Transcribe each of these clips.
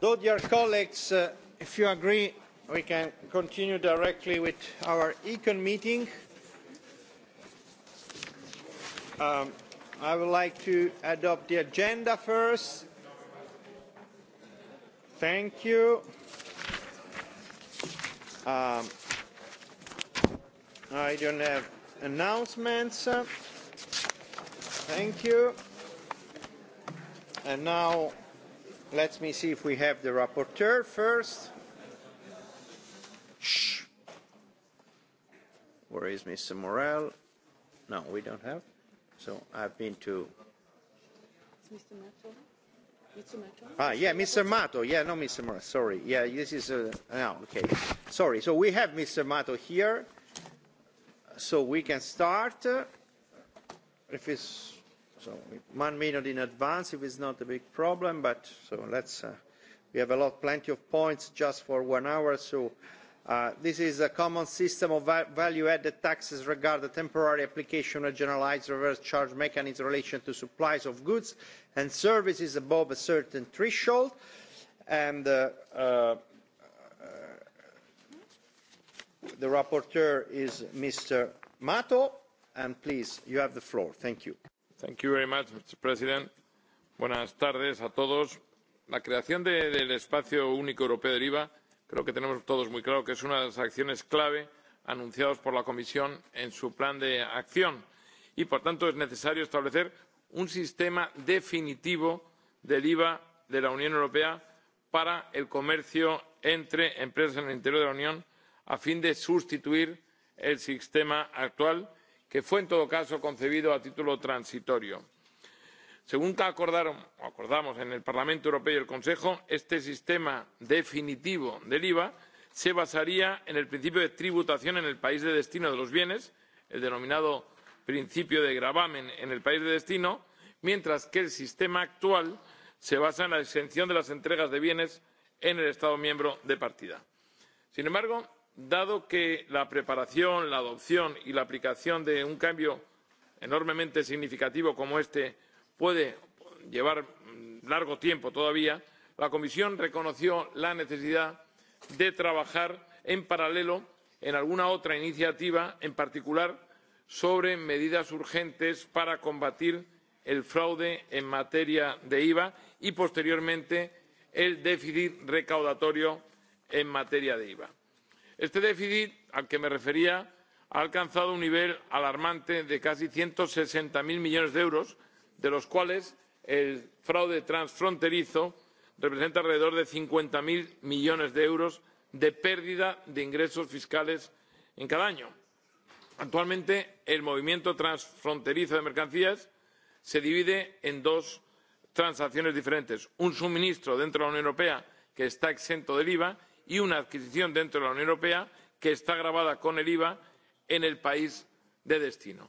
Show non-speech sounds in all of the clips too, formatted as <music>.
though dear colleagues uh, if you agree we can continue directly with our econ meeting um, i would like to adopt the agenda first thank you um, i don't have announcements thank you and now Let me see if we have the rapporteur first. Shh. Where is Mr. Morel? No, we don't have. So I've been to. Mr. Mato. Mr. Mato. Ah, yeah, Mr. Mato. Yeah, no, Mr. Morel. Sorry. Yeah, this is. Uh, no, ah, okay. Sorry. So we have Mr. Mato here. So we can start. if it's So one minute in advance, if it's not a big problem, but so let's, uh, we have a lot, plenty of points just for one hour, so uh, this is a common system of value-added taxes regarding the temporary application of generalized reverse charge mechanism in relation to supplies of goods and services above a certain threshold. And uh, the rapporteur is Mr. Mato, and please, you have the floor. Thank you. Señor Presidente, Buenas tardes a todos. La creación del espacio único europeo del IVA creo que tenemos todos muy claro que es una de las acciones clave anunciadas por la Comisión en su plan de acción y, por tanto, es necesario establecer un sistema definitivo del IVA de la Unión Europea para el comercio entre empresas en el interior de la Unión a fin de sustituir el sistema actual que fue en todo caso concebido a título transitorio. según acordaron, acordamos en el parlamento europeo y el consejo este sistema definitivo del iva se basaría en el principio de tributación en el país de destino de los bienes el denominado principio de gravamen en el país de destino mientras que el sistema actual se basa en la exención de las entregas de bienes en el estado miembro de partida. sin embargo dado que la preparación la adopción y la aplicación de un cambio enormemente significativo como este puede llevar mm, largo tiempo todavía la comisión reconoció la necesidad de trabajar en paralelo en alguna otra iniciativa en particular sobre medidas urgentes para combatir el fraude en materia de iva y posteriormente el déficit recaudatorio en materia de iva este déficit al que me refería ha alcanzado un nivel alarmante de casi ciento sesenta cero millones de euros de los cuales el fraude transfronterizo representa alrededor de cincuenta cero millones de euros de pérdida de ingresos fiscales en cada año. actualmente el movimiento transfronterizo de mercancías se divide en dos transacciones diferentes un suministro dentro de la unión europea que está exento del iva y una adquisición dentro de la unión europea que está grabada con el iva en el país de destino.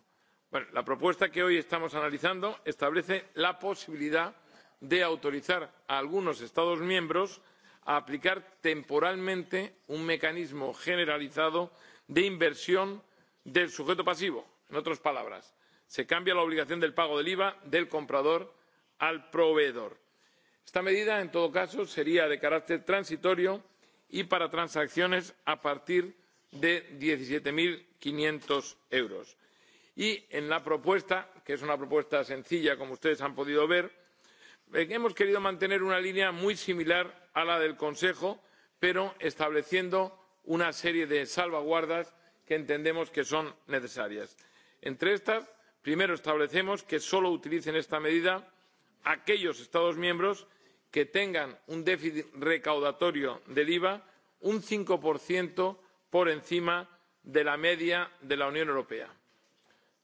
la propuesta que hoy estamos analizando establece la posibilidad de autorizar a algunos estados miembros a aplicar temporalmente un mecanismo generalizado de inversión del sujeto pasivo. en otras palabras se cambia la obligación del pago del iva del comprador al proveedor. esta medida en todo caso sería de carácter transitorio y para transacciones a partir de diecisiete quinientos euros. y en la propuesta que es una propuesta sencilla como ustedes han podido ver eh, hemos querido mantener una línea muy similar a la del consejo pero estableciendo una serie de salvaguardas que entendemos que son necesarias. entre estas primero establecemos que solo utilicen esta medida aquellos estados miembros que tengan un déficit recaudatorio del iva un cinco por encima de la media de la unión europea.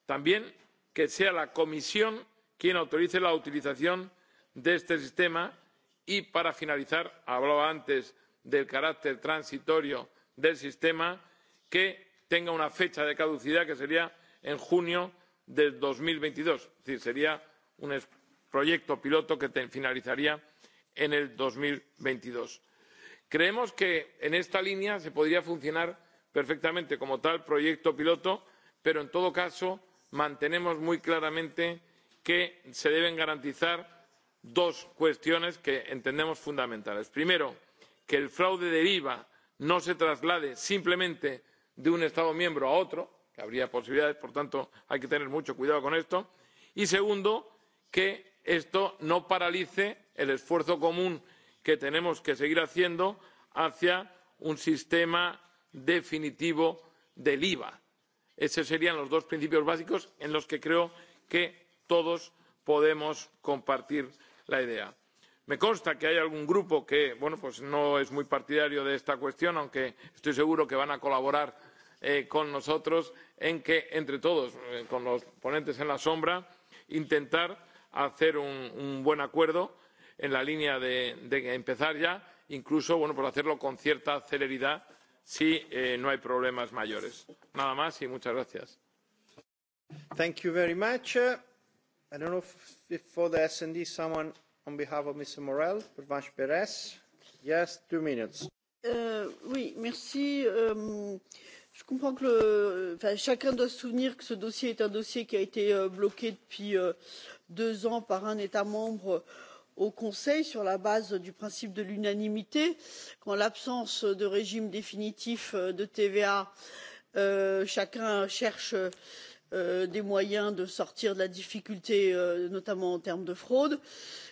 también que sea la comisión quien autorice la utilización de este sistema y para finalizar hablaba antes del carácter transitorio del sistema que tenga una fecha de caducidad que sería en junio de dos mil veintidós es decir sería un proyecto piloto que finalizaría en dos mil veintidós creemos que en esta línea se podría funcionar perfectamente como tal proyecto piloto pero en todo caso mantenemos muy claramente que se deben garantizar dos cuestiones que entendemos fundamentales primero que el fraude del iva no se traslade simplemente de un estado miembro a otro que habría posibilidades por tanto hay que tener mucho cuidado con esto y segundo que esto no paralice el esfuerzo común que tenemos que seguir haciendo hacia un sistema definitivo del iva. esos serían los dos principios básicos en los que creo que todos podemos compartir la idea. me consta que hay algún grupo que pues no es muy partidario de esta cuestión aunque estoy seguro que van a colaborar eh, con nosotros en que entre todos eh, con los ponentes en la sombra intentar hacer un buen acuerdo en la línea de, de empezar ya, incluso bueno, por hacerlo con cierta celeridad si eh, no hay problemas mayores. Nada más y muchas gracias. Thank you very much. I don't know if, if for the S&D someone on behalf of Mr. Morel, Pervanche Perez. Yes, two minutes. Euh, oui, merci. Euh, je comprends que le, enfin, chacun doit se souvenir que ce dossier est un dossier qui a été euh, bloqué depuis euh, deux ans par un État membre euh, au conseil sur la base du principe de l'unanimité qu'en l'absence de régime définitif euh, de tva euh, chacun cherche euh, des moyens de sortir de la difficulté notamment en termes de fraude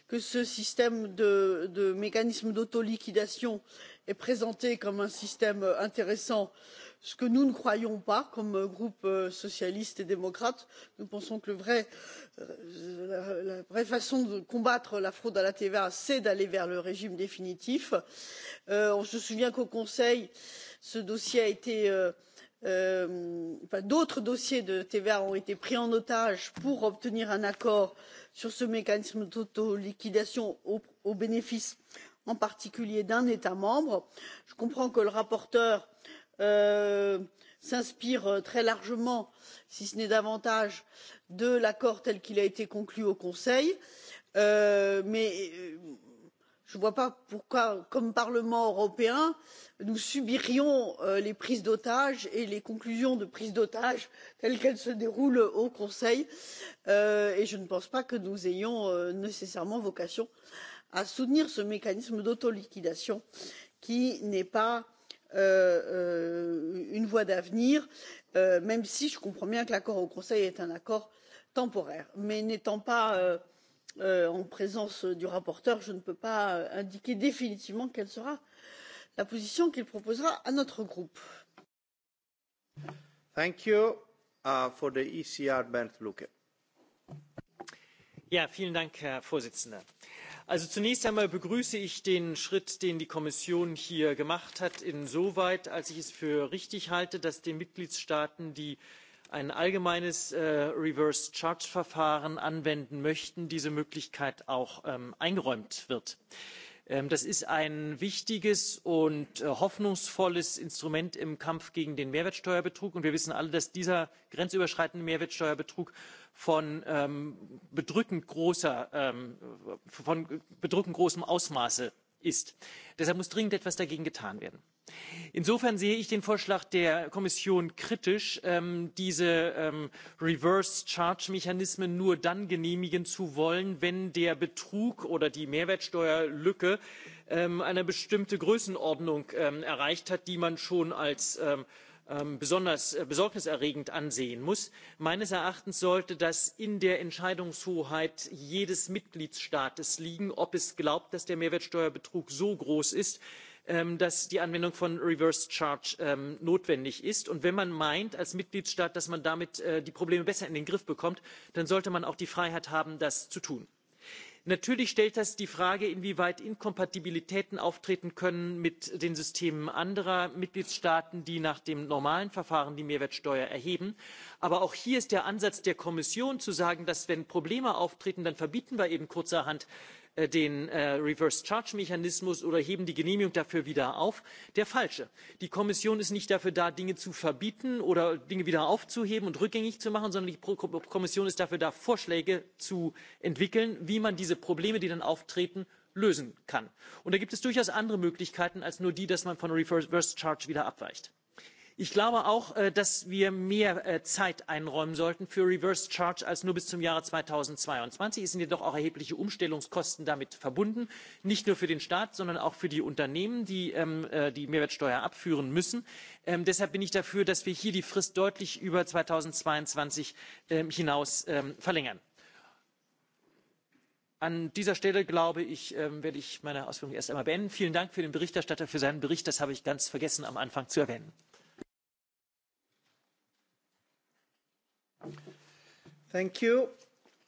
que ce système de mécanisme d'autoliquidation est présenté comme un système intéressant ce que nous ne croyons pas comme euh, groupe euh, socialiste et démocrate nous pensons que euh, la vraie façon de combattre la fraude à la tva c'est d'aller vers le régime définitif. on se souvient qu'au conseil d'autres dossiers de tva ont été pris en otage pour obtenir un accord sur ce mécanisme d'autoliquidation au bénéfice en particulier d'un état membre. je comprends que le rapporteur Euh, s'inspire euh, très largement si ce n'est davantage de l'accord tel qu'il a été conclu au conseil euh, mais je ne vois pas pourquoi comme parlement européen nous subirions les prises d'otages et les conclusions de prises d'otages telles qu'elles se déroulent au conseil et je ne pense pas que nous ayons nécessairement vocation à soutenir ce mécanisme d'autoliquidation qui n'est pas Euh, euh, une voie d'avenir euh, même si je comprends bien que l'accord au conseil est un accord temporaire. mais n'étant pas en présence du rapporteur je ne peux pas indiquer définitivement quelle sera la position qu'il proposera à notre groupe. Thank you. Uh, for the ECR, Bernd Lucke. Ja, vielen Dank, Herr Vorsitzender also zunächst einmal begrüße ich den schritt den die kommission hier gemacht hat insoweit als ich es für richtig halte dass den mitgliedstaaten die ein allgemeines äh, reverse charge verfahren anwenden möchten diese möglichkeit auch ähm, eingeräumt wird. Ähm, das ist ein wichtiges und äh, hoffnungsvolles instrument im kampf gegen den mehrwertsteuerbetrug und wir wissen alle dass dieser grenzüberschreitende mehrwertsteuerbetrug von ähm, ähm, bedrückend großem Ausmaße ist. deshalb muss dringend etwas dagegen getan werden insofern sehe ich den vorschlag der kommission kritisch ähm, diese ähm, reverse charge mechanismen nur dann genehmigen zu wollen wenn der betrug oder die mehrwertsteuerlücke ähm, eine bestimmte größenordnung erreicht hat die man schon als besonders äh, besorgniserregend ansehen muss. meines erachtens sollte das in der entscheidungshoheit jedes mitgliedstaates liegen ob es glaubt dass der mehrwertsteuerbetrug so groß ist Ähm, dass die anwendung von reverse charge ähm, notwendig ist. und wenn man meint als mitgliedstaat dass man damit äh, die probleme besser in den griff bekommt dann sollte man auch die freiheit haben das zu tun. natürlich stellt das die frage inwieweit inkompatibilitäten auftreten können mit den systemen anderer mitgliedstaaten die nach dem normalen verfahren die mehrwertsteuer erheben. aber auch hier ist der ansatz der kommission zu sagen dass wenn probleme auftreten dann verbieten wir eben kurzerhand Äh, den äh, reverse charge mechanismus oder heben die genehmigung dafür wieder auf der falsche. die kommission ist nicht dafür da dinge zu verbieten oder dinge wieder aufzuheben und rückgängig zu machen sondern die kommission ist dafür da vorschläge zu entwickeln wie man diese probleme die dann auftreten lösen kann. und da gibt es durchaus andere möglichkeiten als nur die dass man von reverse charge wieder abweicht ich glaube auch äh, dass wir mehr äh, zeit einräumen sollten für reverse charge als nur bis zum jahre. 2022 es sind jedoch auch erhebliche umstellungskosten damit verbunden nicht nur für den staat sondern auch für die unternehmen die ähm, äh, die mehrwertsteuer abführen müssen. Ähm, deshalb bin ich dafür dass wir hier die frist deutlich über 2022 ähm, hinaus verlängern. an dieser stelle glaube ich werde ich meine ausführungen erst einmal beenden. vielen dank für den berichterstatter für seinen bericht das habe ich ganz vergessen am anfang zu erwähnen. Thank you.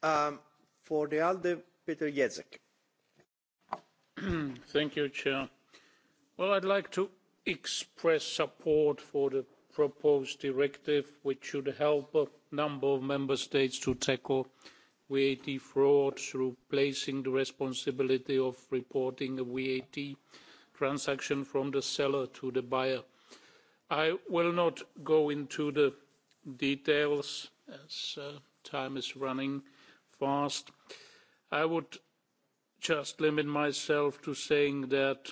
Um, <clears throat> I'd like to express support for the proposed directive, which should help a number of member states to tackle VAT fraud through placing the responsibility of reporting a VAT transaction from the seller to the buyer. I will not go into the details as uh, time is running fast. I would just limit myself to saying that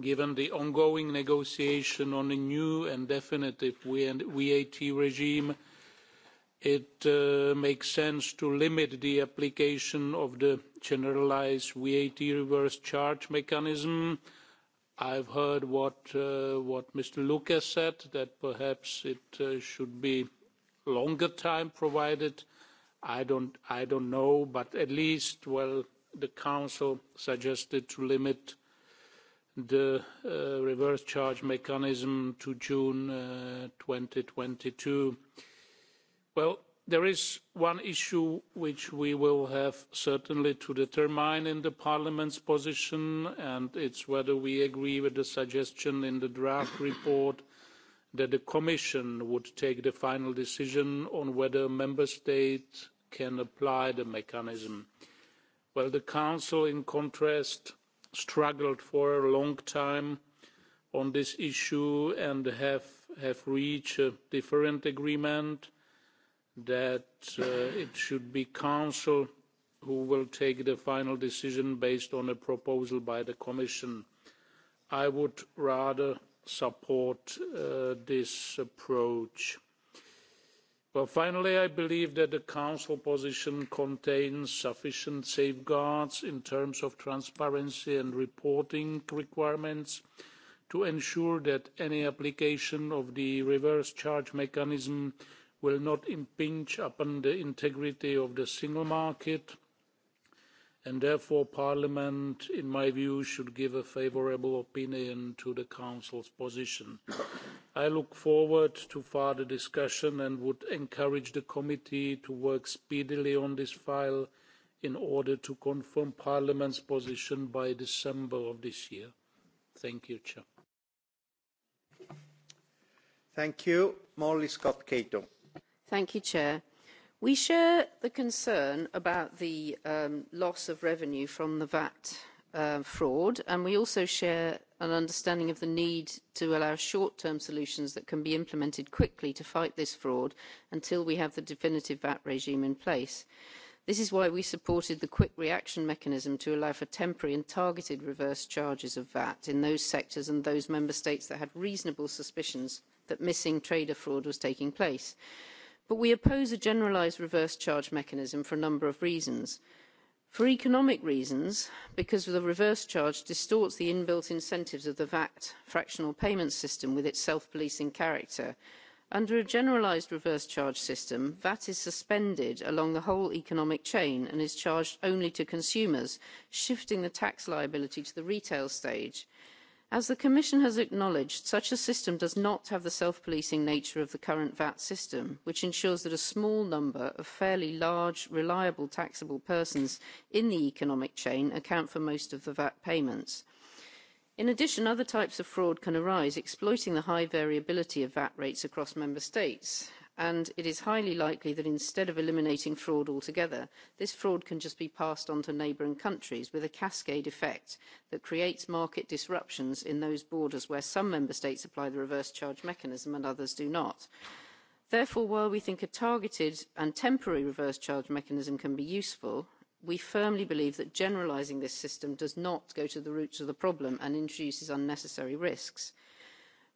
given the ongoing negotiation on a new and definitive VAT regime, it uh, makes sense to limit the application of the generalised VAT reverse charge mechanism. I've heard what, uh, what Mr. Lucas said, that perhaps it uh, should be longer time provided. I don't, I don't know, but at least, well, the Council suggested to limit the uh, reverse charge mechanism to June uh, 2022. Well, there is one issue which we will have certainly to determine in the Parliament's position, and it's whether we agree with the suggestion in the draft report that the commission would take the final decision on whether member States can apply the mechanism. well the council in contrast struggled for a long time on this issue and have, have reached a different agreement that uh, it should be council who will take the final decision based on a proposal by the commission. i would rather support uh, this approach. Well, finally, I believe that the Council position contains sufficient safeguards in terms of transparency and reporting requirements to ensure that any application of the reverse charge mechanism will not impinge upon the integrity of the single market and therefore parliament in my view should give a favourable opinion to the council's position. i look forward to further discussion and would encourage the committee to work speedily on this file in order to confirm parliament's position by december of this year. thank you. Chair. thank you. Molly Scott Thank you, Chair we share the concern about the um, loss of revenue from the vat uh, fraud and we also share an understanding of the need to allow short term solutions that can be implemented quickly to fight this fraud until we have the definitive vat regime in place. this is why we supported the quick reaction mechanism to allow for temporary and targeted reverse charges of vat in those sectors and those member states that had reasonable suspicions that missing trader fraud was taking place but we oppose a generalised reverse charge mechanism for a number of reasons for economic reasons because the reverse charge distorts the inbuilt incentives of the vat fractional payment system with its self policing character. under a generalised reverse charge system vat is suspended along the whole economic chain and is charged only to consumers shifting the tax liability to the retail stage as the commission has acknowledged such a system does not have the self policing nature of the current vat system which ensures that a small number of fairly large reliable taxable persons in the economic chain account for most of the vat payments. in addition other types of fraud can arise exploiting the high variability of vat rates across member states and it is highly likely that instead of eliminating fraud altogether this fraud can just be passed on to neighbouring countries with a cascade effect that creates market disruptions in those borders where some member states apply the reverse charge mechanism and others do not. therefore while we think a targeted and temporary reverse charge mechanism can be useful we firmly believe that generalising this system does not go to the roots of the problem and introduces unnecessary risks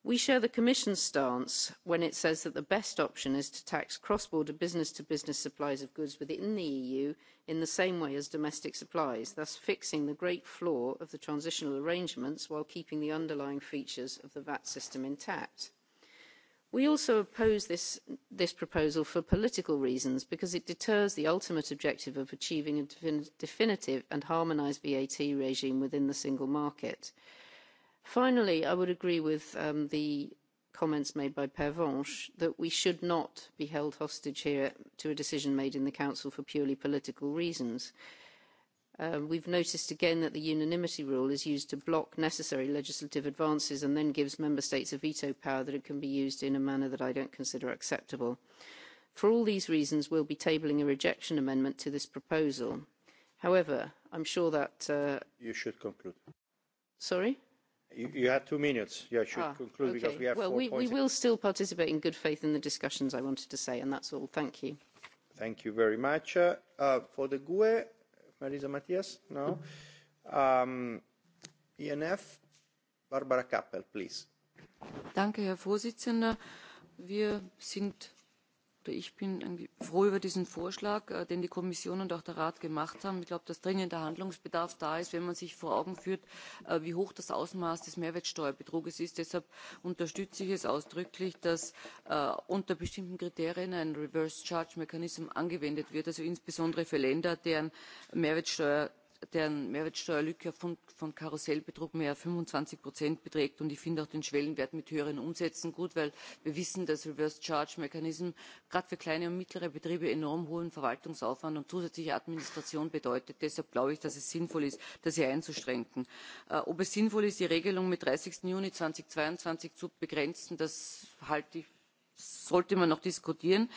we share the commission's stance when it says that the best option is to tax cross border business to business supplies of goods within the eu in the same way as domestic supplies thus fixing the great flaw of the transitional arrangements while keeping the underlying features of the vat system intact. we also oppose this, this proposal for political reasons because it deters the ultimate objective of achieving a definitive and harmonised vat regime within the single market finally i would agree with um, the comments made by pervenche that we should not be held hostage here to a decision made in the council for purely political reasons. Um, we've noticed again that the unanimity rule is used to block necessary legislative advances and then gives member states a veto power that it can be used in a manner that i don't consider acceptable. for all these reasons we'll be tabling a rejection amendment to this proposal. however i'm sure that. Uh, you should conclude. sorry? You, have had two minutes. Yeah, should ah, conclude okay. because we have well, four we, points. we will still participate in good faith in the discussions, I wanted to say, and that's all. Thank you. Thank you very much. Uh, uh for the GUE, Marisa Matias? No. Um, ENF, Barbara Kappel, please. Danke, Herr Vorsitzender. Wir sind Ich bin froh über diesen Vorschlag, äh, den die Kommission und auch der Rat gemacht haben. Ich glaube, dass dringender Handlungsbedarf da ist, wenn man sich vor Augen führt, äh, wie hoch das Ausmaß des Mehrwertsteuerbetruges ist. Deshalb unterstütze ich es ausdrücklich, dass äh, unter bestimmten Kriterien ein Reverse Charge Mechanism angewendet wird, also insbesondere für Länder, deren Mehrwertsteuer deren mehrwertsteuerlücke von karussellbetrug mehr als fünfundzwanzig beträgt und ich finde auch den schwellenwert mit höheren umsätzen gut weil wir wissen dass reverse charge mechanism gerade für kleine und mittlere betriebe enorm hohen verwaltungsaufwand und zusätzliche administration bedeutet. deshalb glaube ich dass es sinnvoll ist das hier einzuschränken. Äh, ob es sinnvoll ist die regelung mit. dreißig juni zweitausendzweiundzwanzig zu begrenzen das sollte man noch diskutieren.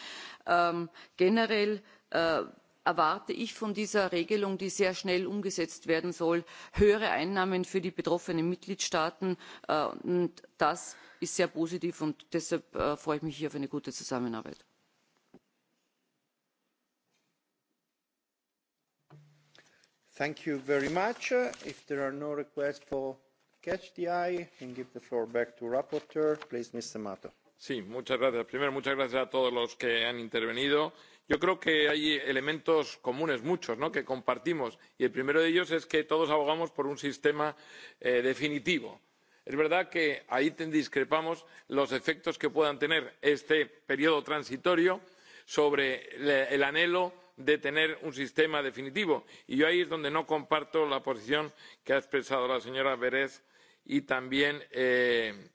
Ähm, generell äh, erwarte ich von dieser regelung die sehr schnell umgesetzt werden soll höhere einnahmen für die betroffenen mitgliedstaaten äh, und das ist sehr positiv und deshalb äh, freue ich mich hier auf eine gute zusammenarbeit. Thank you very much. If there are no requests for catch the eye, I can give the floor back to rapporteur. Please, Mr. Mato. Sí, muchas gracias. Primero, muchas gracias a todos los que han intervenido yo creo que hay elementos comunes muchos que compartimos y el primero de ellos es que todos abogamos por un sistema eh, definitivo. es verdad que ahí discrepamos los efectos que pueda tener este periodo transitorio sobre el anhelo de tener un sistema definitivo y yo ahí es donde no comparto la posición que ha expresado la señora bers y también eh,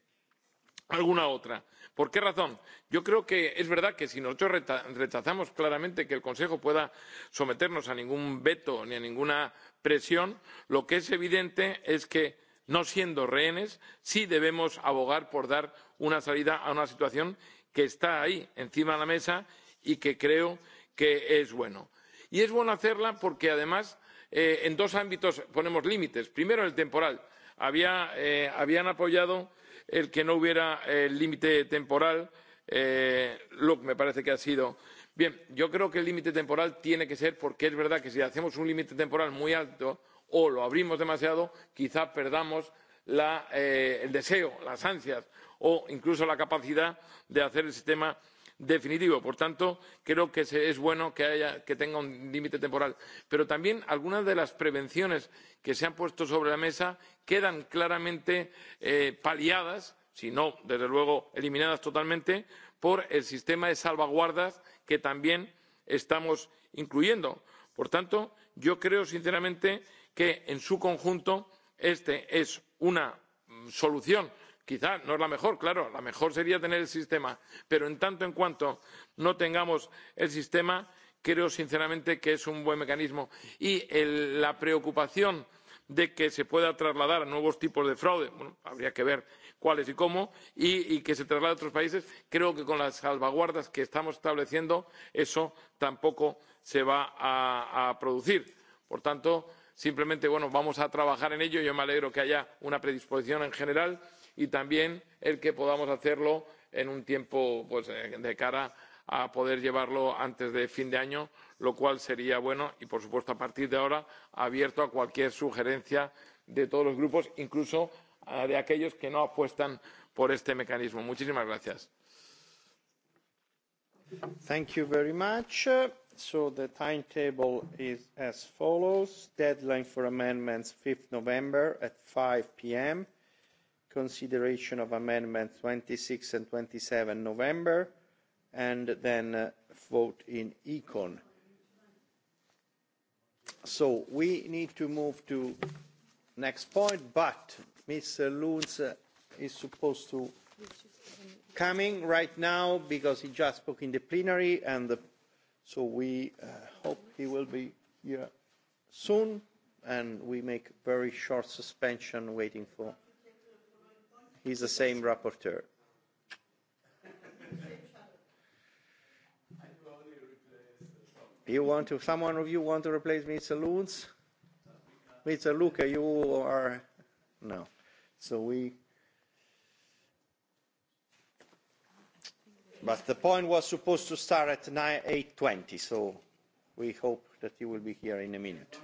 alguna otra por qué razón? yo creo que es verdad que si nosotros rechazamos claramente que el consejo pueda someternos a ningún veto ni a ninguna presión lo que es evidente es que no siendo rehenes sí debemos abogar por dar una salida a una situación que está ahí encima de la mesa y que creo que es bueno. y es bueno hacerla porque además eh, en dos ámbitos ponemos límites primero el temporal Había, eh, habían apoyado el que no hubiera eh, límite temporal eh, que me parece que ha sido. Bien, yo creo que el límite temporal tiene que ser porque es verdad que si hacemos un límite temporal muy alto o lo abrimos demasiado, quizá perdamos eh, el deseo, las ansias o incluso la capacidad de hacer el sistema definitivo. por tanto creo que es bueno que, haya, que tenga un límite temporal pero también algunas de las prevenciones que se han puesto sobre la mesa quedan claramente eh, paliadas si no desde luego eliminadas totalmente por el sistema de salvaguardas que también estamos incluyendo. por tanto yo creo sinceramente que en su conjunto esta es una mm, solución Quizá no es la mejor, claro, la mejor sería tener el sistema, pero en tanto en cuanto no tengamos el sistema, creo sinceramente que es un buen mecanismo. Y la preocupación de que se pueda trasladar a nuevos tipos de fraude, bueno, habría que ver cuáles y cómo, y, y que se traslade a otros países, creo que con las salvaguardas que estamos estableciendo, eso tampoco se va a, a producir. Por tanto, simplemente, bueno, vamos a trabajar en ello. Yo me alegro que haya una predisposición en general y también el que podamos hacerlo en un tiempo pues, eh, de cara a poder llevarlo antes de fin de año, lo cual sería bueno y, por supuesto, a partir de ahora, abierto a cualquier sugerencia de todos los grupos, incluso de aquellos que no apuestan por este mecanismo. Muchísimas gracias. Thank you very much. So the timetable is as follows. Deadline for amendments 5th November at 5 p.m consideration of amendments twenty six and twenty seven November, and then uh, vote in Econ. So we need to move to next point, but Mr. Lunz uh, is supposed to coming right now because he just spoke in the plenary and so we uh, hope he will be here soon and we make very short suspension waiting for He's the same rapporteur. You want to, someone of you want to replace Mr. Loons? Mr. Luca, you are, no. So we, but the point was supposed to start at 8.20, so we hope that you will be here in a minute.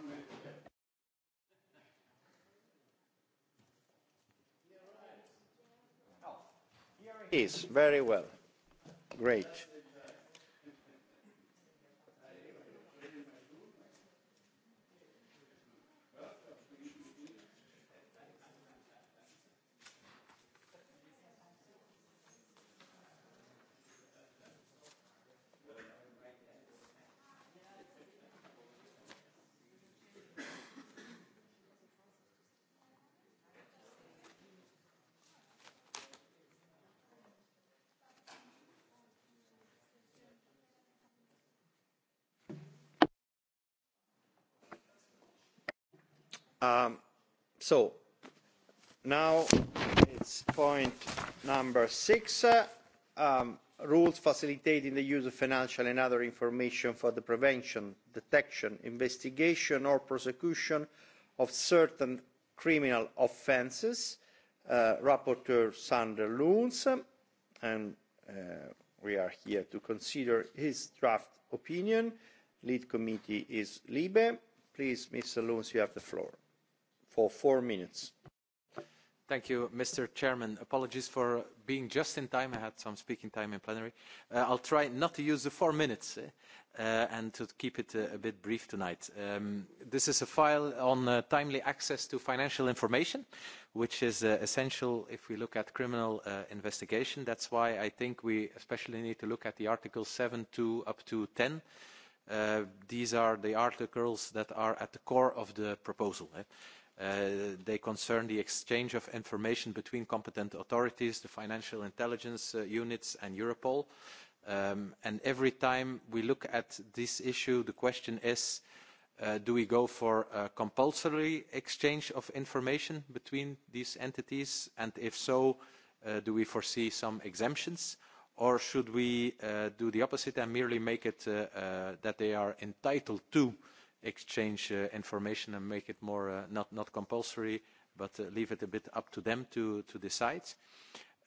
is very well great. Um, so now it's point number six uh, um, rules facilitating the use of financial and other information for the prevention, detection, investigation or prosecution of certain criminal offences. Uh, rapporteur Sander Loons um, and uh, we are here to consider his draft opinion. Lead committee is Libe. Please, Mr. Loons, you have the floor. Thank you, Mr. Chairman. Apologies for being just in time. I had some speaking time in plenary. Uh, I'll try not to use the four minutes eh, uh, and to keep it uh, a bit brief tonight. Um, this is a file on timely access to financial information, which is essential if we look at criminal investigation. That's why I think we especially need to look at the Articles 7 to up to 10 these are the articles that are at the core of the proposal. Eh. Uh, they concern the exchange of information between competent authorities, the financial intelligence uh, units and Europol. Um, and every time we look at this issue, the question is, uh, do we go for a compulsory exchange of information between these entities? And if so, do we foresee some exemptions? Or should we do the opposite and merely make it that they are entitled to exchange uh, information and make it more uh, not, not compulsory, but uh, leave it a bit up to them to, to decide.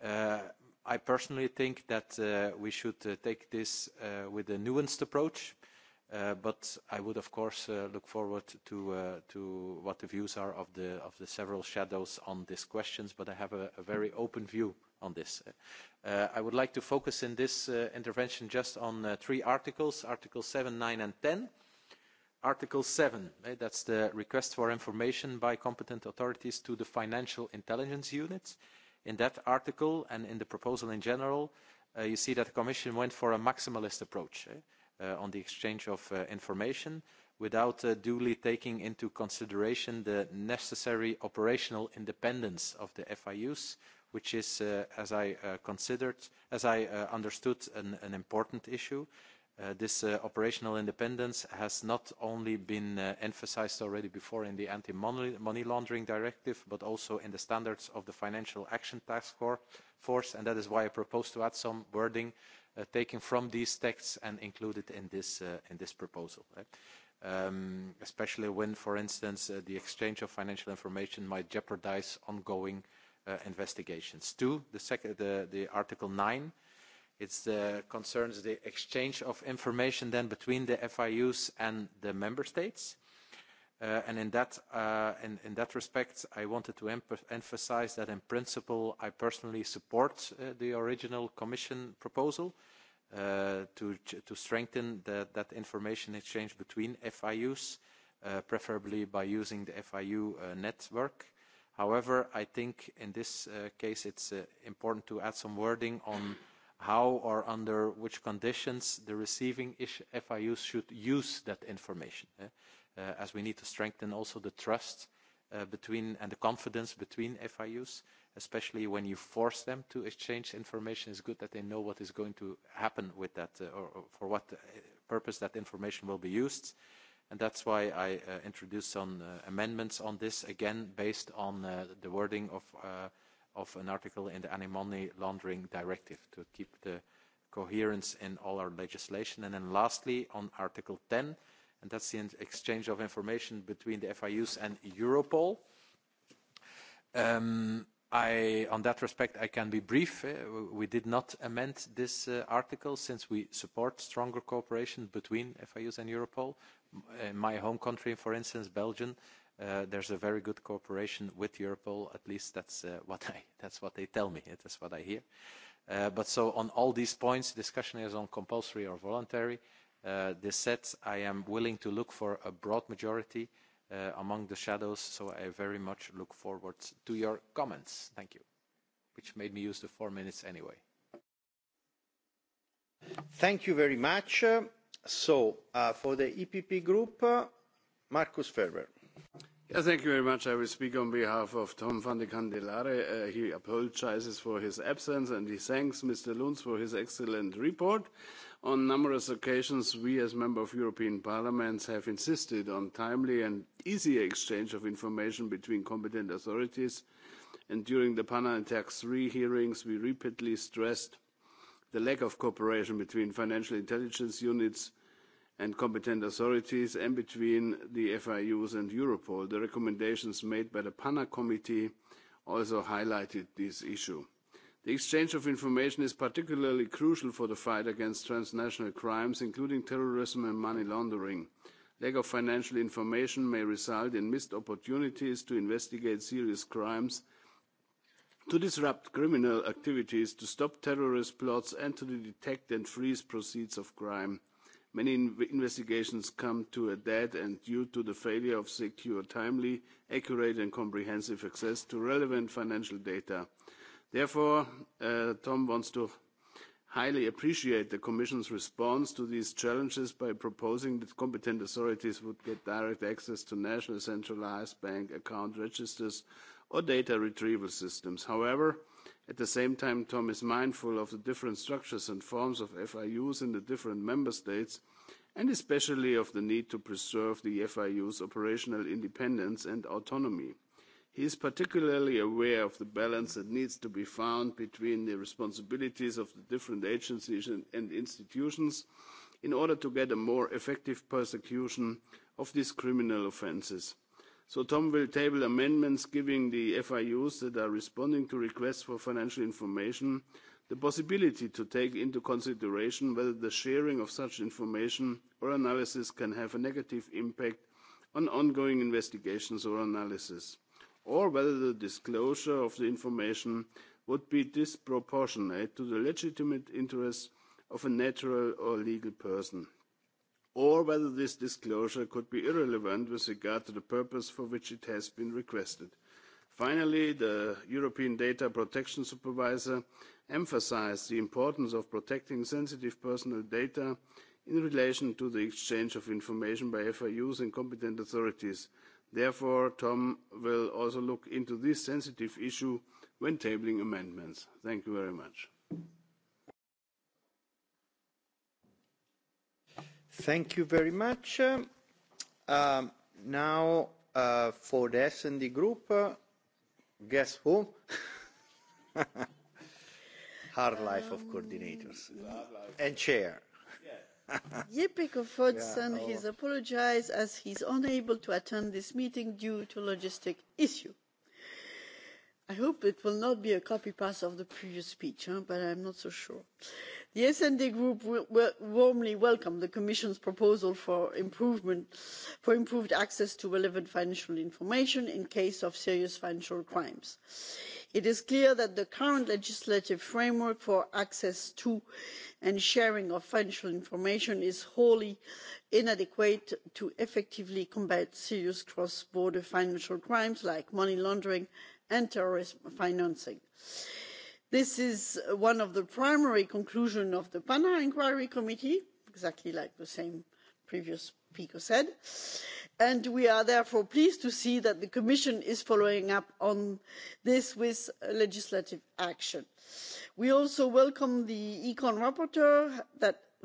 Uh, I personally think that uh, we should uh, take this uh, with a nuanced approach, uh, but I would of course uh, look forward to, uh, to what the views are of the, of the several shadows on these questions, but I have a, a very open view on this. Uh, I would like to focus in this uh, intervention just on uh, three articles, Articles 7, 9 and 10 Article 7, eh, that's the request for information by competent authorities to the Financial Intelligence units. In that article and in the proposal in general, uh, you see that the Commission went for a maximalist approach eh, uh, on the exchange of uh, information without duly taking into consideration the necessary operational independence of the FIUs, which is, as I considered, as I understood, an important issue. Uh, this uh, operational independence has not only been emphasised uh, emphasized already before in the anti-money laundering directive, but also in the standards of the Financial Action Task Force, and that is why I propose to add some wording taken from these texts and included in this, in this proposal. Right? Eh? Um, especially when, for instance, the exchange of financial information might jeopardize ongoing investigations. Two, the, sec the, the Article 9 It the concerns the exchange of information then between the FIUs and the member states. Uh, and in that, uh, in, in that respect, I wanted to emph emphasize that in principle, I personally support uh, the original Commission proposal uh, to, to strengthen the, that information exchange between FIUs, uh, preferably by using the FIU uh, network. However, I think in this uh, case, it's uh, important to add some wording on how or under which conditions the receiving FIUs should use that information, eh? uh, as we need to strengthen also the trust uh, between and the confidence between FIUs, especially when you force them to exchange information. It's good that they know what is going to happen with that uh, or, or for what uh, purpose that information will be used. And that's why I uh, introduced some uh, amendments on this, again, based on the wording of of an article in the anti-money laundering directive to keep the coherence in all our legislation. And then lastly, on Article 10, and that's the exchange of information between the FIUs and Europol. Um, I, on that respect, I can be brief. Uh, we did not amend this uh, article since we support stronger cooperation between FIUs and Europol. In uh, my home country, for instance, Belgium, Uh, there's a very good cooperation with Europol. At least that's uh, what I <laughs> that's what they tell me. <laughs> That's what I hear. Uh, but so on all these points, discussion is on compulsory or voluntary. Uh, this said, I am willing to look for a broad majority among the shadows. So I very much look forward to your comments. Thank you, which made me use the four minutes anyway. Thank you very much. So for the EPP group, Markus Ferber. Yeah, thank you very much. I will speak on behalf of Tom van de Candelare. Uh, he apologizes for his absence and he thanks Mr. Lunz for his excellent report. On numerous occasions, we as Member of European Parliament have insisted on timely and easy exchange of information between competent authorities. And during the Panama Tax 3 hearings, we repeatedly stressed the lack of cooperation between financial intelligence units – and competent authorities and between the FIUs and Europol. The recommendations made by the PANA committee also highlighted this issue. The exchange of information is particularly crucial for the fight against transnational crimes, including terrorism and money laundering. Lack of financial information may result in missed opportunities to investigate serious crimes, to disrupt criminal activities, to stop terrorist plots, and to detect and freeze proceeds of crime. Many investigations come to a dead end due to the failure of secure, timely, accurate and comprehensive access to relevant financial data. Therefore, uh, Tom wants to highly appreciate the Commission's response to these challenges by proposing that competent authorities would get direct access to national centralised bank account registers or data retrieval systems. However, at the same time tom is mindful of the different structures and forms of fius in the different member states and especially of the need to preserve the fiu's operational independence and autonomy. he is particularly aware of the balance that needs to be found between the responsibilities of the different agencies and institutions in order to get a more effective prosecution of these criminal offences so tom will table amendments giving the fius that are responding to requests for financial information the possibility to take into consideration whether the sharing of such information or analysis can have a negative impact on ongoing investigations or analysis or whether the disclosure of the information would be disproportionate to the legitimate interests of a natural or legal person or whether this disclosure could be irrelevant with regard to the purpose for which it has been requested. finally the european data protection supervisor emphasised the importance of protecting sensitive personal data in relation to the exchange of information by fius and competent authorities. therefore tom will also look into this sensitive issue when tabling amendments. thank you very much. Thank you very much. Um, now uh, for the S&D group, uh, guess who? <laughs> Hard life of um, coordinators and chair. Jeppe <laughs> has apologized as he's unable to attend this meeting due to logistic issue. I hope it will not be a copy paste of the previous speech, but I'm not so sure the sd group warmly welcomes the commission's proposal for improved access to relevant financial information in case of serious financial crimes. it is clear that the current legislative framework for access to and sharing of financial information is wholly inadequate to effectively combat serious cross border financial crimes like money laundering and terrorist financing this is one of the primary conclusions of the pana inquiry committee exactly like the same previous speaker said and we are therefore pleased to see that the commission is following up on this with legislative action. we also welcome the econ rapporteur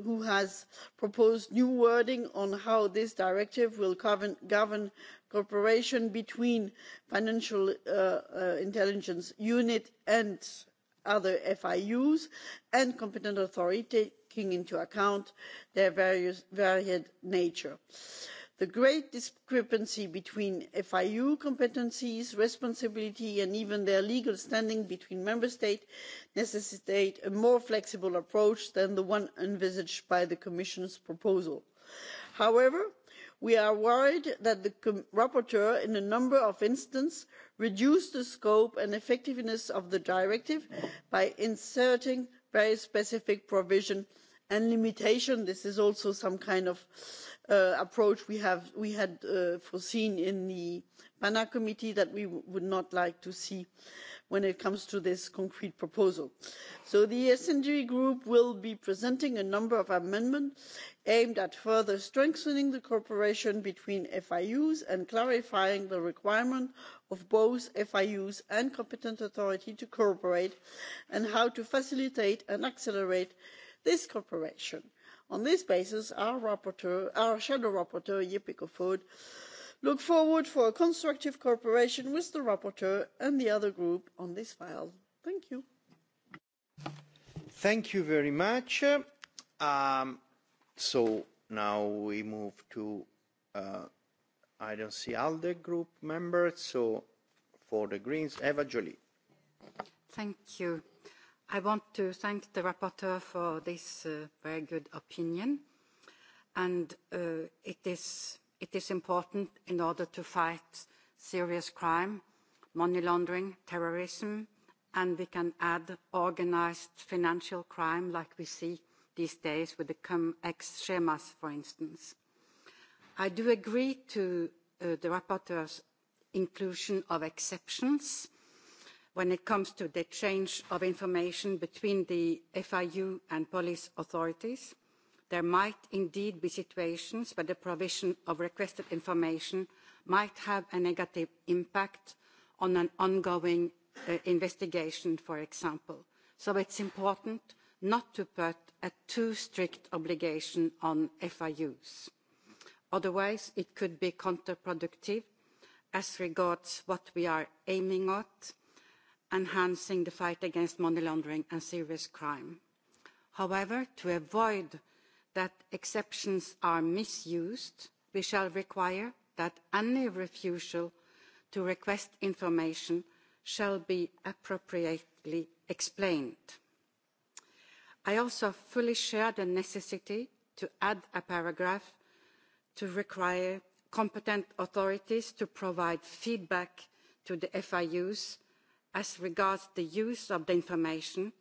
who has proposed new wording on how this directive will govern, cooperation between financial uh, uh, intelligence unit and other fius and competent authorities taking into account their varied nature. the great discrepancy between fiu competencies responsibility and even their legal standing between member states necessitates a more flexible approach than the one envisaged by the commission's proposal. however we are worried that the rapporteur in a number of instances reduced the scope and effectiveness of the directive by inserting very specific provisions and limitations. this is also some kind of uh, approach we, had uh, foreseen in the pana committee that we would not like to see when it comes to this concrete proposal. so the sd group will be presenting a number of amendments aimed at further strengthening the cooperation between fius and clarifying the requirement of both fius and competent authorities to cooperate and how to facilitate and accelerate this cooperation. on this basis our shadow rapporteur jeppe kofod look forward to constructive cooperation with the rapporteur and the other group on this file. thank you. thank you very much. Um, so now we move to uh, i don't see alde group members so for the greens eva joly. thank you. i want to thank the rapporteur for this uh, very good opinion and uh, it is it is important in order to fight serious crime money laundering terrorism and we can add organised financial crime like we see these days with the cum-ex schemas for instance. i do agree to uh, the rapporteur's inclusion of exceptions when it comes to the exchange of information between the fiu and police authorities there might indeed be situations where the provision of requested information might have a negative impact on an ongoing uh, investigation for example so it's important not to put a too strict obligation on fius otherwise it could be counterproductive as regards what we are aiming at enhancing the fight against money laundering and serious crime. however to avoid that exceptions are misused we shall require that any refusal to request information shall be appropriately explained. i also fully share the necessity to add a paragraph to require competent authorities to provide feedback to the fius as regards the use of the information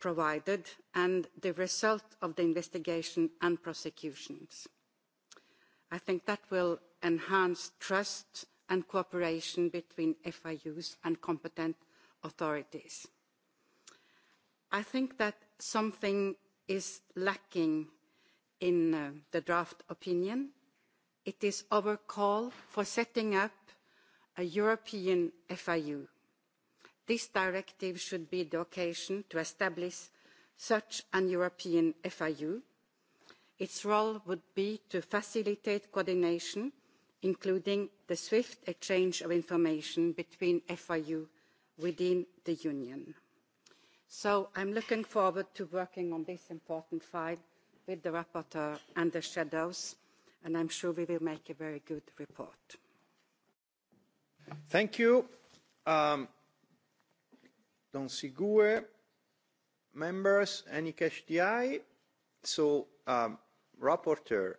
provided and the result of the investigation and prosecutions. I think that will enhance trust and cooperation between FIUs and competent authorities. I think that something is lacking in uh, the draft opinion. It is our call for setting up a European FIU this directive should be the occasion to establish such an european fiu. its role would be to facilitate coordination including the swift exchange of information between fiu within the union. so i'm looking forward to working on this important file with the rapporteur and the shadows and i'm sure we will make a very good report. thank you. Um, don't GUE members, any cash So, um, rapporteur.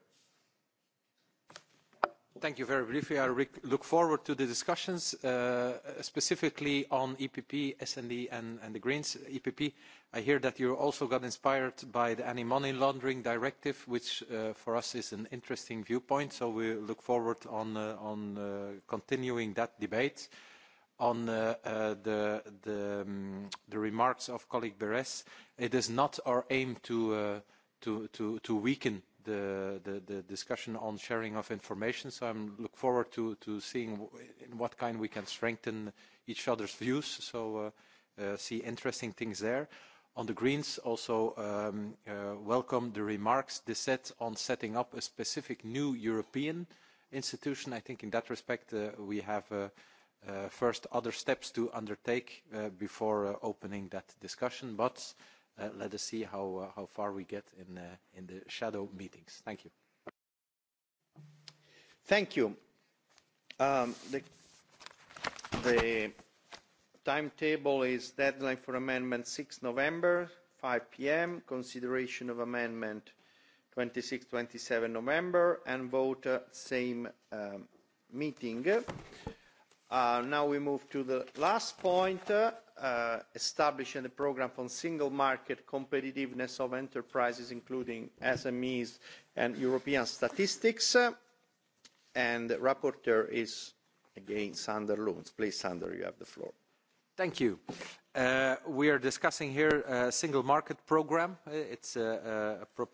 Thank you very briefly. I look forward to the discussions, uh, specifically on EPP, S&D and, and the Greens. EPP, I hear that you also got inspired by the anti-money laundering directive, which uh, for us is an interesting viewpoint. So we look forward on, uh, on continuing that debate on uh, uh, the, the, um, the remarks of colleague Beres, it is not our aim to, uh, to, to, to weaken the, the, discussion on sharing of information. So I look forward to, to seeing in what kind we can strengthen each other's views. So see interesting things there. On the Greens, also um, welcome the remarks they set on setting up a specific new European institution. I think in that respect, we have Uh, first other steps to undertake uh, before uh, opening that discussion, but uh, let us see how, uh, how far we get in, in the shadow meetings. Thank you. Thank you. Um, the, the timetable is deadline for amendment 6 November, 5 p.m., consideration of amendment 26, 27 November, and vote same um, meeting. Uh, now we move to the last point, uh, uh, establishing the programme for single market competitiveness of enterprises, including SMEs and European statistics. And the rapporteur is, again, Sander Lunz. Please, Sander, you have the floor. Thank you. Uh, we are discussing here a single market programme. It's a, a,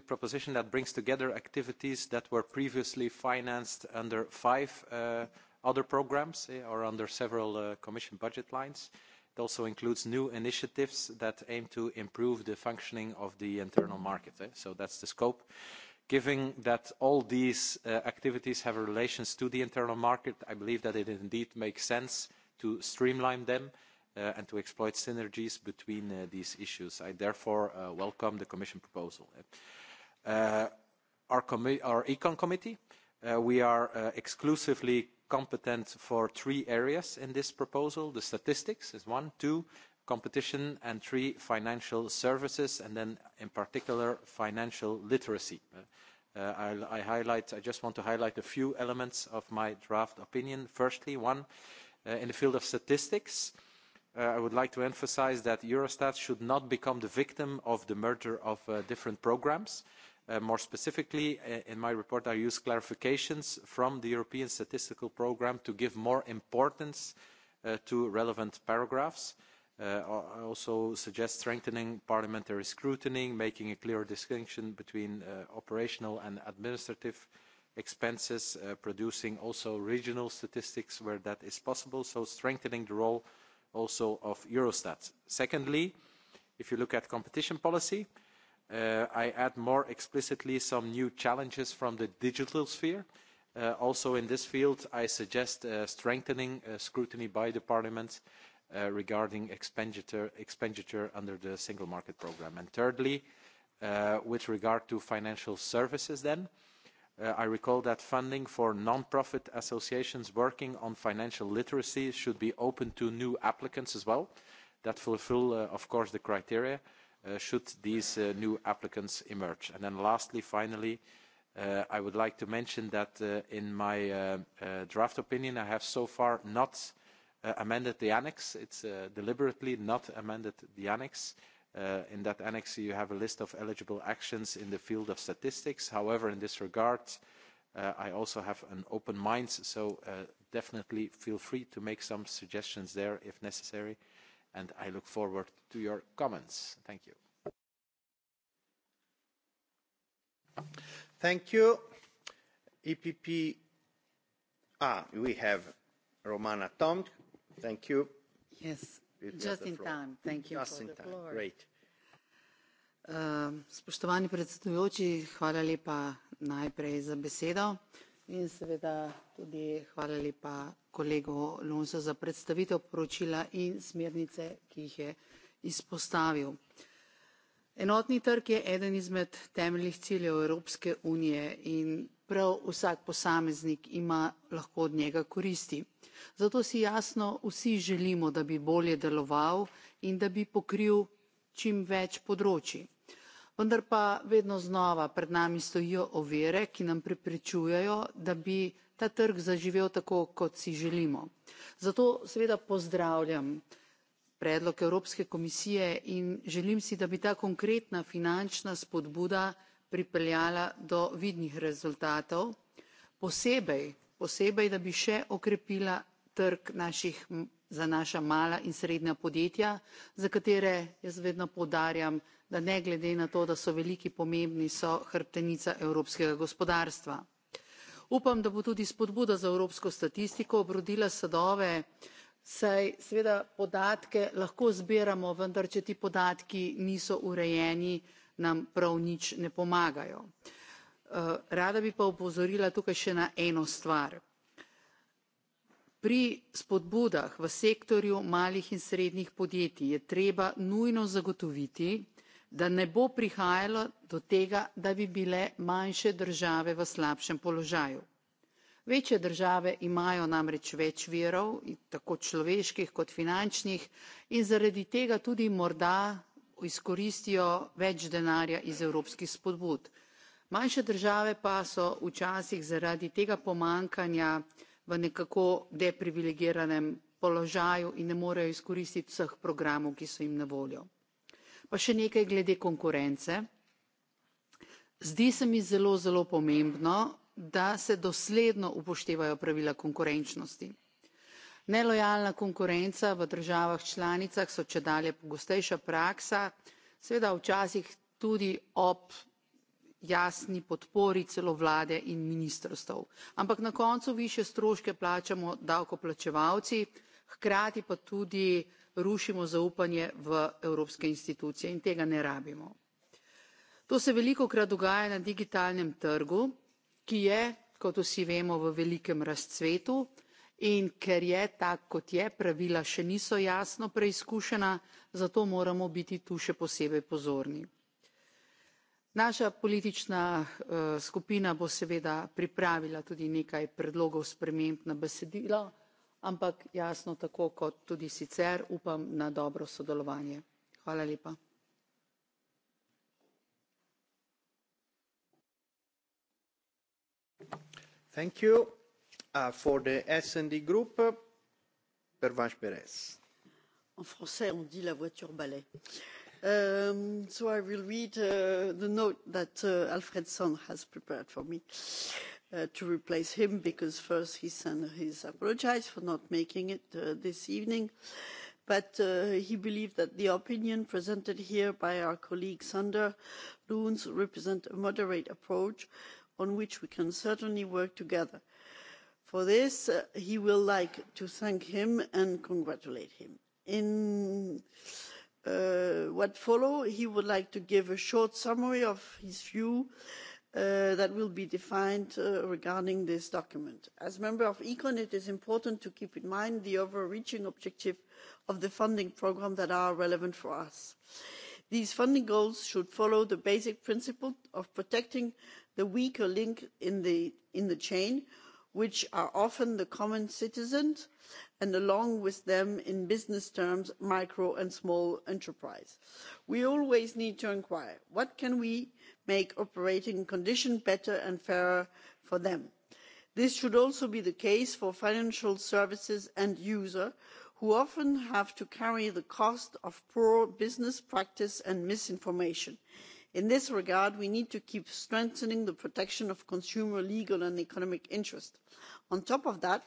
proposition that brings together activities that were previously financed under five uh, Other programs eh, are under several uh, Commission budget lines. It also includes new initiatives that aim to improve the functioning of the internal market. Eh. So that's the scope. Given that all these uh, activities have relations to the internal market, I believe that it indeed makes sense to streamline them uh, and to exploit synergies between these issues. I therefore welcome the Commission proposal. Eh. Our, our Econ Committee, we are exclusively competent for three areas in this proposal. The statistics is one, two, competition, and three, financial services, and then in particular, financial literacy. Uh, uh, I, highlight, I just want to highlight a few elements of my draft opinion. Firstly, one, uh, in the field of statistics, I would like to emphasize that Eurostat should not become the victim of the merger of different programs. Uh, more specifically, uh, in my report, I use clarifications from the European Statistical Programme to give more importance uh, to relevant paragraphs. I also suggest strengthening parliamentary scrutiny, making a clear distinction between operational and administrative expenses, producing also regional statistics where that is possible, so strengthening the role also of Eurostat. Secondly, if you look at competition policy, Uh, I add more explicitly some new challenges from the digital sphere. Uh, also in this field, I suggest uh, strengthening scrutiny by the Parliament regarding expenditure, expenditure under the Single Market Programme. And thirdly, with regard to financial services then, I recall that funding for non-profit associations working on financial literacy should be open to new applicants as well that fulfill, of course, the criteria Uh, should these uh, new applicants emerge. And then lastly, finally, uh, I would like to mention that in my draft opinion, I have so far not amended the annex. It's deliberately not amended the annex. in that annex, you have a list of eligible actions in the field of statistics. However, in this regard, I also have an open mind, so definitely feel free to make some suggestions there if necessary and I look forward to your comments. Thank you. Thank you. EPP. Ah, we have Romana Tomc. Thank you. Yes, just in time. Thank you. Just for in the time. Floor. Great. Uh, spoštovani predsedujoči, hvala lepa najprej za besedo in seveda tudi hvala lepa kolegu Lonsu za predstavitev poročila in smernice, ki jih je izpostavil. Enotni trg je eden izmed temeljnih ciljev Evropske unije in prav vsak posameznik ima lahko od njega koristi. Zato si jasno vsi želimo, da bi bolje deloval in da bi pokril čim več področji vendar pa vedno znova pred nami stojijo ovire, ki nam preprečujejo, da bi ta trg zaživel tako, kot si želimo. Zato seveda pozdravljam predlog Evropske komisije in želim si, da bi ta konkretna finančna spodbuda pripeljala do vidnih rezultatov, posebej, posebej, da bi še okrepila trg naših za naša mala in srednja podjetja, za katere jaz vedno poudarjam, da ne glede na to, da so veliki pomembni, so hrbtenica evropskega gospodarstva. Upam, da bo tudi spodbuda za evropsko statistiko obrodila sadove, saj seveda podatke lahko zbiramo, vendar če ti podatki niso urejeni, nam prav nič ne pomagajo. Eh, rada bi pa opozorila tukaj še na eno stvar. Pri spodbudah v sektorju malih in srednjih podjetij je treba nujno zagotoviti, da ne bo prihajalo do tega, da bi bile manjše države v slabšem položaju. Večje države imajo namreč več virov, tako človeških kot finančnih, in zaradi tega tudi morda izkoristijo več denarja iz evropskih spodbud. Manjše države pa so včasih zaradi tega pomankanja v nekako deprivilegiranem položaju in ne morejo izkoristiti vseh programov, ki so jim na voljo. Pa še nekaj glede konkurence. Zdi se mi zelo, zelo pomembno, da se dosledno upoštevajo pravila konkurenčnosti. Nelojalna konkurenca v državah članicah so dalje pogostejša praksa, seveda včasih tudi ob jasni podpori celo vlade in ministrstev. Ampak na koncu višje stroške plačamo davkoplačevalci, hkrati pa tudi rušimo zaupanje v evropske institucije in tega ne rabimo. To se velikokrat dogaja na digitalnem trgu, ki je, kot vsi vemo, v velikem razcvetu in ker je tak, kot je, pravila še niso jasno preizkušena, zato moramo biti tu še posebej pozorni. Naša politična eh, skupina bo seveda pripravila tudi nekaj predlogov sprememb na besedilo, ampak jasno tako kot tudi sicer upam na dobro sodelovanje. hvala lepa. Thank you. Uh, for the group, en français on dit la voiture balai. Um, so i will read uh, the note that uh, alfred has prepared for me. Uh, to replace him because first he sent his apologies for not making it uh, this evening but uh, he believed that the opinion presented here by our colleague sander loons represent a moderate approach on which we can certainly work together. for this uh, he will like to thank him and congratulate him. in uh, what follow, he would like to give a short summary of his view Uh, that will be defined uh, regarding this document. as a member of econ it is important to keep in mind the overreaching objective of the funding programme that are relevant for us. these funding goals should follow the basic principle of protecting the weaker link in the, in the chain which are often the common citizens and along with them in business terms micro and small enterprises. we always need to inquire what can we make operating conditions better and fairer for them? this should also be the case for financial services end users who often have to carry the cost of poor business practice and misinformation in this regard we need to keep strengthening the protection of consumer legal and economic interests. on top of that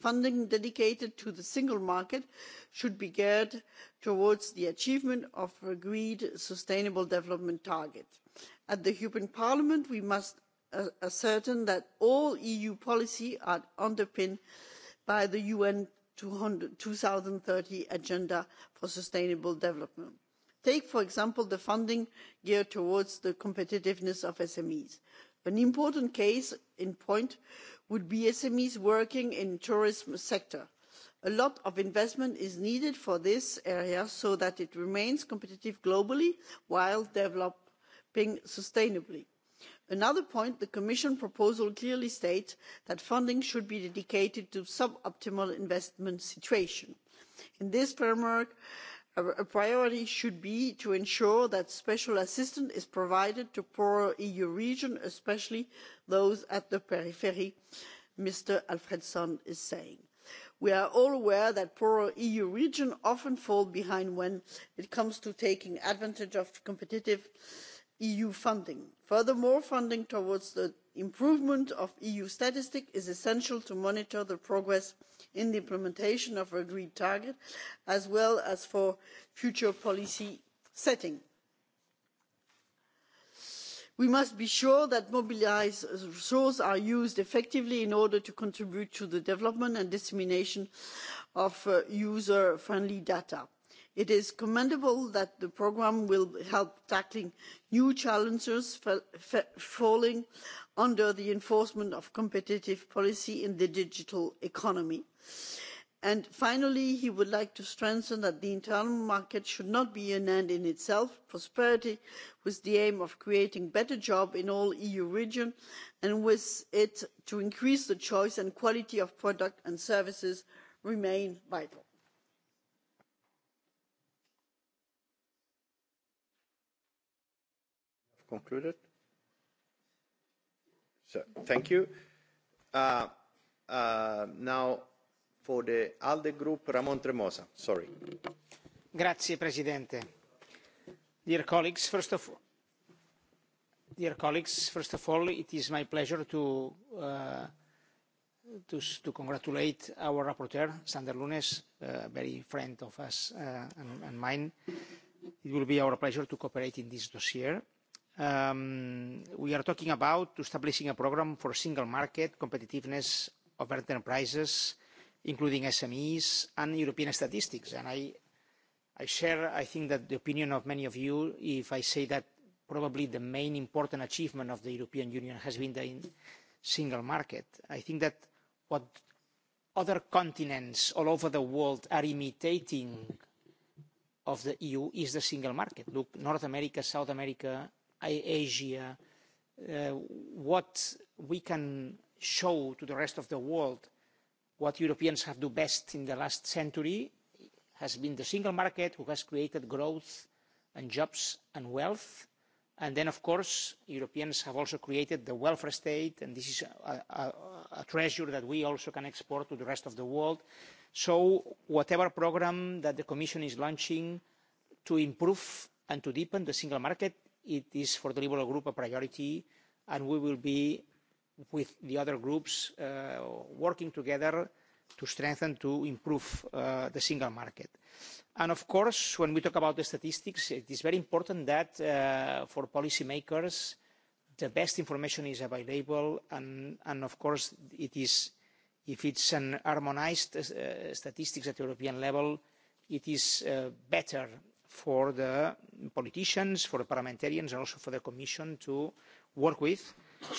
funding dedicated to the single market should be geared towards the achievement of agreed sustainable development target. at the european parliament we must uh, ascertain that all eu policies are underpinned by the un two thousand and thirty agenda for sustainable development take for example the funding geared towards the competitiveness of smes. an important case in point would be smes working in the tourism sector. a lot of investment is needed for this area so that it remains competitive globally while developing sustainably. another point the commission proposal clearly states that funding should be dedicated to sub optimal investment situations. in this framework a priority should be to ensure that special assistance is provided to poorer eu regions especially those at the periphery mr alfredson is saying. we are all aware that poorer eu regions often fall behind when it comes to taking advantage of competitive eu funding. furthermore funding towards the improvement of eu statistics is essential to monitor the progress in the implementation of agreed target, as well as for future policy setting. we must be sure that mobilised resources are used effectively in order to contribute to the development and dissemination of uh, user friendly data it is commendable that the programme will help tackle new challenges falling under the enforcement of competitive policy in the digital economy. And finally he would like to strengthen that the internal market should not be an end in itself prosperity with the aim of creating better jobs in all eu region and with it to increase the choice and quality of products and services remain vital. concluded? So, thank you. Uh, uh, now for the ALDE group, Ramon Tremosa. Sorry. Grazie, Presidente. Dear colleagues, first of dear colleagues, first of all, it is my pleasure to uh, to, to congratulate our rapporteur, Sander Lunes, a very friend of us uh, and, and mine. It will be our pleasure to cooperate in this dossier Um, we are talking about establishing a program for single market competitiveness of enterprises, including SMEs and European statistics. And I, I share, I think, that the opinion of many of you if I say that probably the main important achievement of the European Union has been the single market. I think that what other continents all over the world are imitating of the EU is the single market. Look, North America, South America, asia uh, what we can show to the rest of the world what europeans have done best in the last century has been the single market which has created growth and jobs and wealth and then of course europeans have also created the welfare state and this is a, a, a treasure that we also can export to the rest of the world. so whatever programme that the commission is launching to improve and to deepen the single market it is for the liberal group a priority and we will be with the other groups uh, working together to strengthen to improve uh, the single market. and of course when we talk about the statistics it is very important that for uh, for policymakers the best information is available and, and of course it is if it's an harmonised uh, statistics at european level it is better for the politicians, for the parliamentarians, and also for the Commission to work with.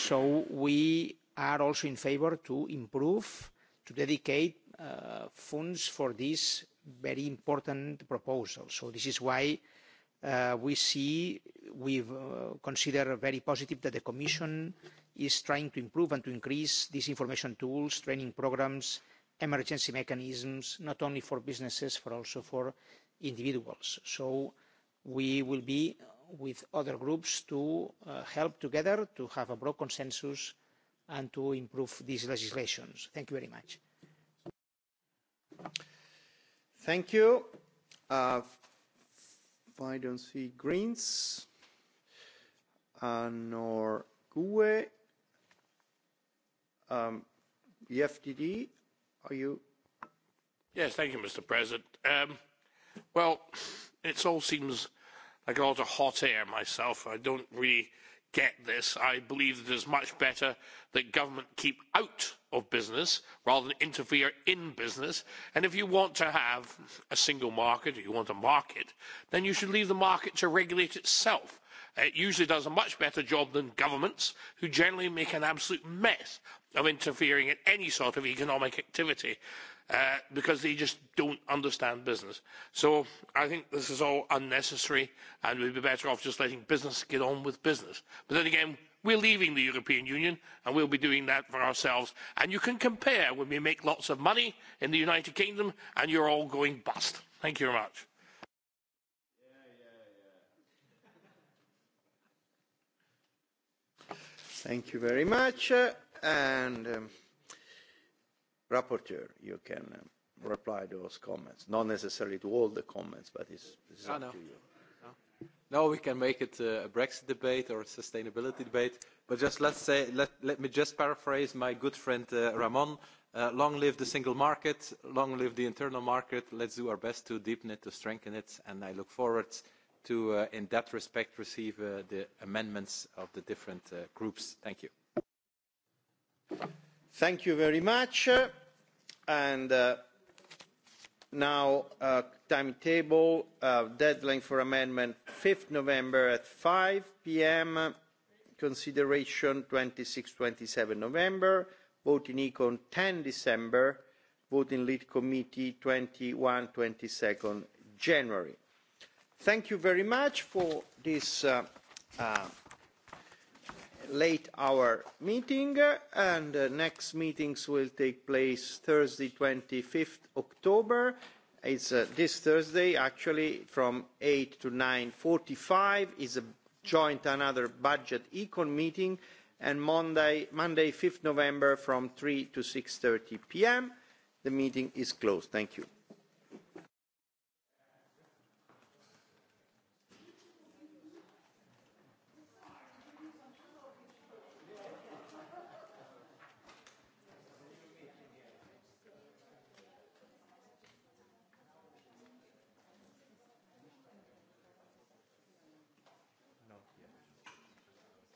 So we are also in favour to improve, to dedicate uh, funds for this very important proposal. So this is why uh, we see, we uh, consider very positive that the Commission is trying to improve and to increase these information tools, training programmes, emergency mechanisms, not only for businesses, but also for individuals. So we will be with other groups to uh, help together to have a broad consensus and to improve these legislations. Thank you very much. Thank you. Uh, don't see Greens uh, GUE. Um, EFDD, are you? Yes, thank you, Mr. President. Um, Well, it all seems like a lot of hot air myself. I don't really get this. I believe that it is much better that government keep out of business rather than interfere in business. And if you want to have a single market, or you want a market, then you should leave the market to regulate itself. It usually does a much better job than governments, who generally make an absolute mess of interfering in any sort of economic activity. Uh, because they just don't understand business. So I think this is all unnecessary and we'd be better off just letting business get on with business. But then again, we're leaving the European Union and we'll be doing that for ourselves. And you can compare when we make lots of money in the United Kingdom and you're all going bust. Thank you very much. Thank you very much. Uh, and um, rapporteur, you can um, reply to those comments. Not necessarily to all the comments, but it's, it's ah, up to you. Ah. No. we can make it uh, a Brexit debate or a sustainability debate, but just let's say, let, let me just paraphrase my good friend uh, Ramon. Uh, long live the single market, long live the internal market. Let's do our best to deepen it, to strengthen it, and I look forward to, uh, in that respect, receive uh, the amendments of the different uh, groups. Thank you. Thank you very much and uh, now a uh, timetable uh, deadline for amendment 5th november at 5 p.m. consideration 26 27 november vote in econ 10 december vote in lead committee 21 22 january thank you very much for this uh, uh late hour meeting and the uh, next meetings will take place Thursday 25th October. It's uh, this Thursday actually from 8 to 9.45 is a joint another budget econ meeting and Monday, Monday 5 November from 3 to 6.30 p.m. The meeting is closed. Thank you.